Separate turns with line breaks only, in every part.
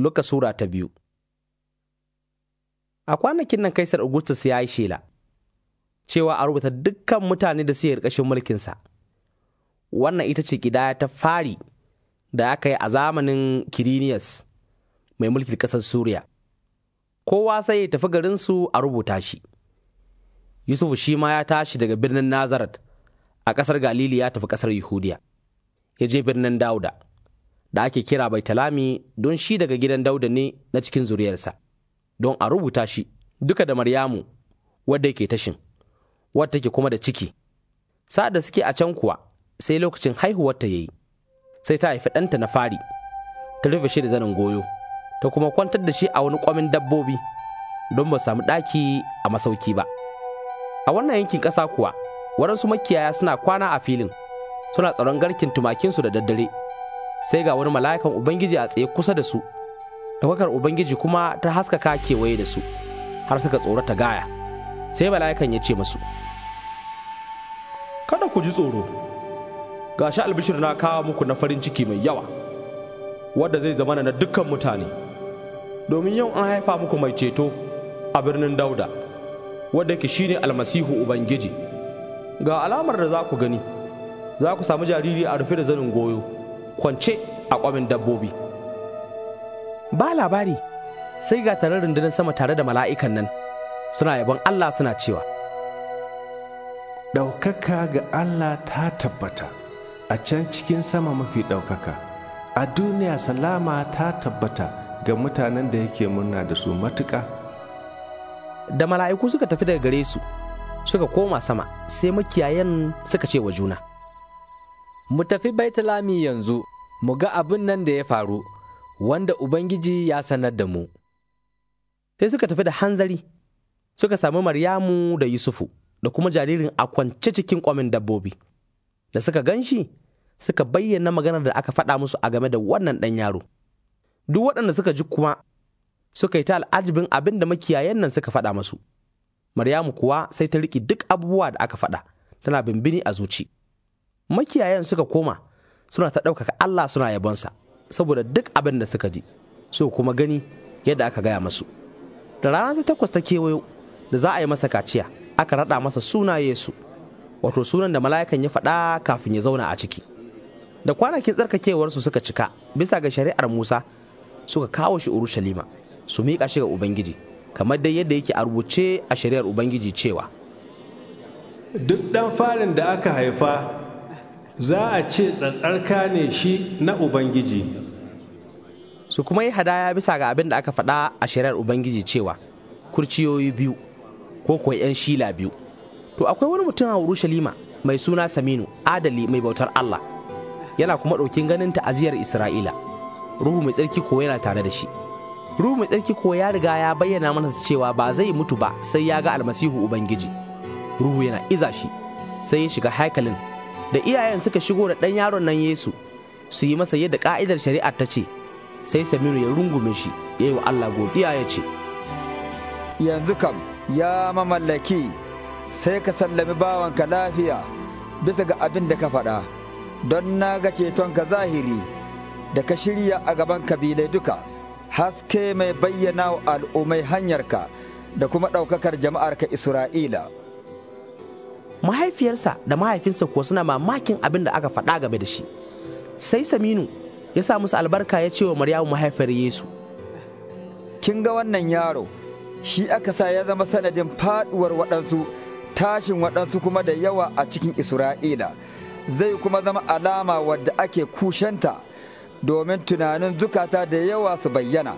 Luka Sura ta biyu. A kwanakin nan Kaisar Augustus ya yi shela, cewa a rubuta dukkan mutane da suke ƙarƙashin mulkinsa. Wannan ita ce ƙidaya ta fari da aka yi a zamanin Kiriniyas mai mulkin ƙasar Suriya. Kowa sai ya tafi garinsu a rubuta shi. Yusuf shi ma ya tashi daga birnin Nazaret a ƙasar Galili ya tafi ƙasar Yahudiya, ya je birnin Dauda. da ake kira baitalami don shi daga gidan dauda ne na cikin zuriyarsa don a rubuta shi duka da maryamu wadda yake tashin wadda ke kuma da ciki sa'ad da suke a can kuwa sai lokacin haihuwarta ya yi sai ta haifi ɗanta na fari ta rufe shi da zanin goyo ta kuma kwantar da shi a wani kwamin dabbobi don ba samu ɗaki a masauki ba a wannan yankin ƙasa kuwa waɗansu makiyaya suna kwana a filin suna tsaron garkin tumakinsu da daddare sai ga wani mala'ikan ubangiji a tsaye kusa da su ɗaukakar ubangiji kuma ta haskaka kewaye da su har suka tsorata gaya sai mala'ikan ya ce masu kada ku ji tsoro ga shi albishir na kawo muku na farin ciki mai yawa wadda zai zama na dukkan mutane domin yau an haifa muku mai ceto a birnin dauda wadda ke shine almasihu ubangiji ga alamar da za ku gani za ku samu jariri a rufe da zanin goyo kwance a kwamin dabbobi ba labari sai ga tare rundunar sama tare da mala'ikan nan suna yabon Allah suna cewa ɗaukaka ga Allah ta tabbata a can cikin sama mafi ɗaukaka a duniya salama ta tabbata ga mutanen da yake murna da su matuƙa da mala'iku suka tafi daga gare su suka koma sama sai makiyayen suka ce wa juna mu tafi baitalami yanzu mu ga abin nan da ya faru, wanda Ubangiji ya sanar da mu. Sai suka tafi da hanzari, suka sami Maryamu da Yusufu da kuma jaririn a kwance cikin kwamin dabbobi. Da suka gan shi, suka bayyana maganar da aka faɗa musu a game da wannan ɗan yaro. Duk waɗanda suka ji kuma suka yi ta al'ajibin abin da makiyayen nan suka faɗa musu, Maryamu kuwa sai ta riƙe duk abubuwa da aka faɗa, tana bimbini a zuci. Makiyayan suka koma, suna ta ɗaukaka Allah suna yabonsa saboda duk abin da suka ji so kuma gani yadda aka gaya masu da rana ta takwas ta kewayo da za a yi masa kaciya aka raɗa masa suna Yesu wato sunan da mala'ikan ya faɗa kafin ya zauna a ciki da kwanakin tsarkakewarsu suka cika bisa ga shari'ar Musa suka kawo shi Urushalima su miƙa shi ga Ubangiji kamar dai yadda yake a rubuce a shari'ar Ubangiji cewa duk ɗan farin da aka haifa za a ce tsatsarka ne shi na Ubangiji. Su kuma yi hadaya bisa ga abin da aka faɗa a shirar Ubangiji cewa kurciyoyi biyu ko kuwa 'yan shila biyu. To akwai wani mutum a Urushalima mai suna Saminu adali mai bautar Allah yana kuma ɗaukin ganin ta'aziyar Isra'ila. Ruhu mai tsarki ko yana tare da shi. Ruhu mai tsarki ko ya riga ya bayyana mana cewa ba zai mutu ba sai ya ga almasihu Ubangiji. Ruhu yana iza shi sai ya shiga haikalin da iyayen suka shigo da ɗan yaron nan yesu su yi masa yadda ƙa'idar shari'ar ta ce sai Saminu ya rungume shi ya yi wa allah godiya ya ce yanzu kam ya mamallaki sai ka sallami bawanka lafiya bisa ga abin da ka faɗa don na ga ka zahiri da ka shirya a gaban kabilai duka haske mai bayyana wa al'ummai hanyarka da kuma ɗaukakar jama'arka isra'ila mahaifiyarsa da mahaifinsa kuwa suna mamakin abin da aka faɗa game da shi sai saminu ya sa musu albarka ya ce wa maryamu mahaifiyar yesu kin ga wannan yaro shi aka sa ya zama sanadin faɗuwar waɗansu tashin waɗansu kuma da yawa a cikin isra'ila zai kuma zama alama wadda ake kushanta domin tunanin zukata da yawa su bayyana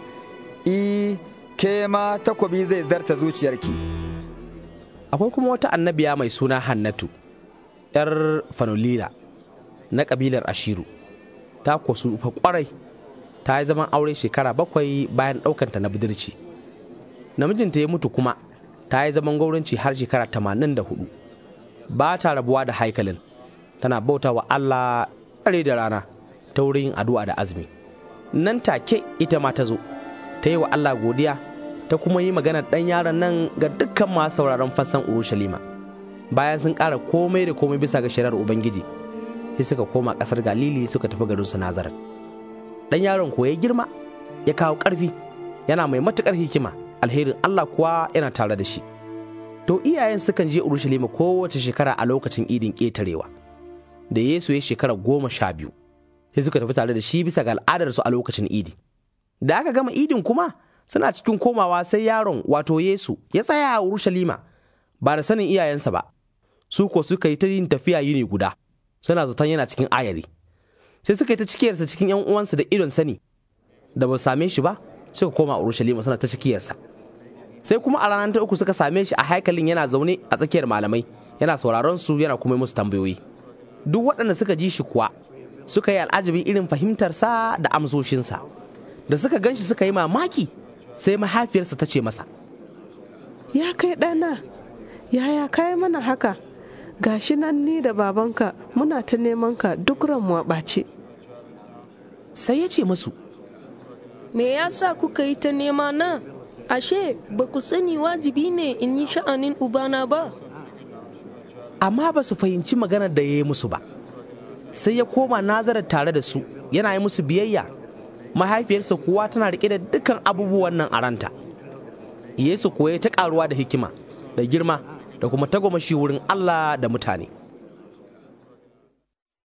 i ke ma takobi zai zarta zuciyarki. akwai kuma wata annabiya mai suna hannatu ‘yar fanolila na kabilar ashiru ta kwasu fa kwarai ta yi zaman aure shekara bakwai bayan ɗaukanta na budurci namijinta ya mutu kuma ta yi zaman gwaurinci har shekara tamanin da hudu ba ta rabuwa da haikalin tana bauta wa allah tsare da rana ta wurin addu'a da azumi nan take ita ma ta zo ta yi wa allah godiya ta kuma yi magana ɗan yaron nan ga dukkan masu sauraron fasan Urushalima. Bayan sun ƙara komai da komai bisa ga shari'ar Ubangiji, sai suka koma ƙasar Galili suka tafi garin su Nazaret. Ɗan yaron ko ya girma, ya kawo ƙarfi, yana mai matuƙar hikima, alherin Allah kuwa yana tare da shi. To iyayen sukan je Urushalima kowace shekara a lokacin idin ƙetarewa. Da Yesu ya shekara goma sha biyu, sai suka tafi tare da shi bisa ga al'adarsu a lokacin idi. Da aka gama idin kuma, suna cikin komawa sai yaron wato Yesu ya tsaya a Urushalima ba da sanin iyayensa ba su ko suka yi ta yin tafiya yi ne guda suna zaton yana cikin ayari sai suka yi ta cikiyarsa cikin yan uwansa da idon sani da ba same shi ba suka koma Urushalima suna ta cikiyarsa sai kuma a ranar ta uku suka same shi a haikalin yana zaune a tsakiyar malamai yana sauraron su yana kuma musu tambayoyi duk waɗanda suka ji shi kuwa suka yi al'ajabi irin fahimtarsa da amsoshinsa da suka gan shi suka yi mamaki sai mahaifiyarsa ta ce masa ya kai ɗana yaya kayi mana haka gashi nan ni da babanka muna ta neman ka duk ran a ɓace sai ya ce masu me yasa sa kuka yi ta nema na ashe ba ku sani wajibi ne in yi sha'anin ubana ba amma ba su fahimci maganar da ya yi musu ba sai ya koma nazarar tare da su yana yi musu biyayya mahaifiyarsa kuwa tana riƙe da dukkan abubuwan nan a ranta yesu kuwa ya ta ƙaruwa da hikima da girma da kuma tagomashi wurin allah da mutane